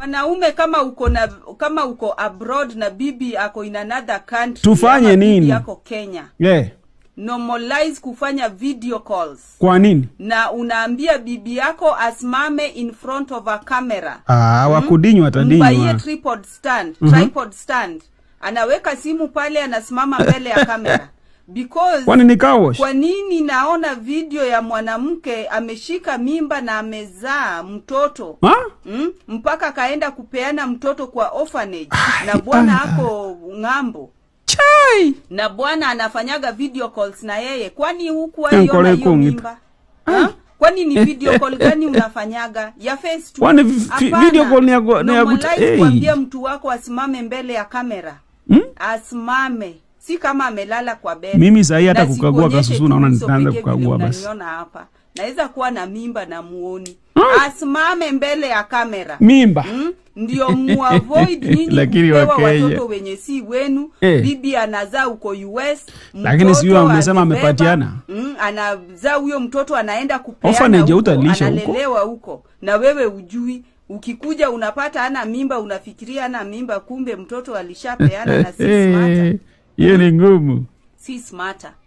Wanaume kama uko na kama uko abroad na bibi ako in another country, tufanye nini? yako Kenya, yeah. Normalize kufanya video calls. Kwa nini? Na unaambia bibi yako asimame in front of a camera. Ah, hmm? wakudinywa watadinywa. Mbaye tripod stand, mm -hmm. Tripod stand. Anaweka simu pale anasimama mbele ya kamera Because kwani ni car Kwa nini naona video ya mwanamke ameshika mimba na amezaa mtoto ha? mm, mpaka akaenda kupeana mtoto kwa orphanage Ay, na bwana hapo ng'ambo chai, na bwana anafanyaga video calls na yeye. Kwani huku eh, aliona hiyo mimba Kwani ni eh, video eh, call gani unafanyaga ya face tu? Kwani video call ni ya ni ya kuambia mtu wako asimame mbele ya kamera hmm? asimame si kama amelala kwa bed. Mimi zaidi hata kukagua kasusu naona nitaanza kukagua basi. hapa. Naweza kuwa na mimba na muoni. Hmm. Asimame mbele ya kamera. Mimba. Hmm? Ndio muavoid nyinyi. Lakini Wakenya. Watoto wenye si wenu. Eh. Bibi anazaa huko US. Lakini sio amesema amepatiana. Mm. Anazaa huyo mtoto anaenda kupeana. Orphanage utalisha huko. Analelewa huko. Na wewe ujui ukikuja unapata ana mimba unafikiria ana mimba kumbe mtoto alishapeana na sisi mata hiyo ni ngumu si smarter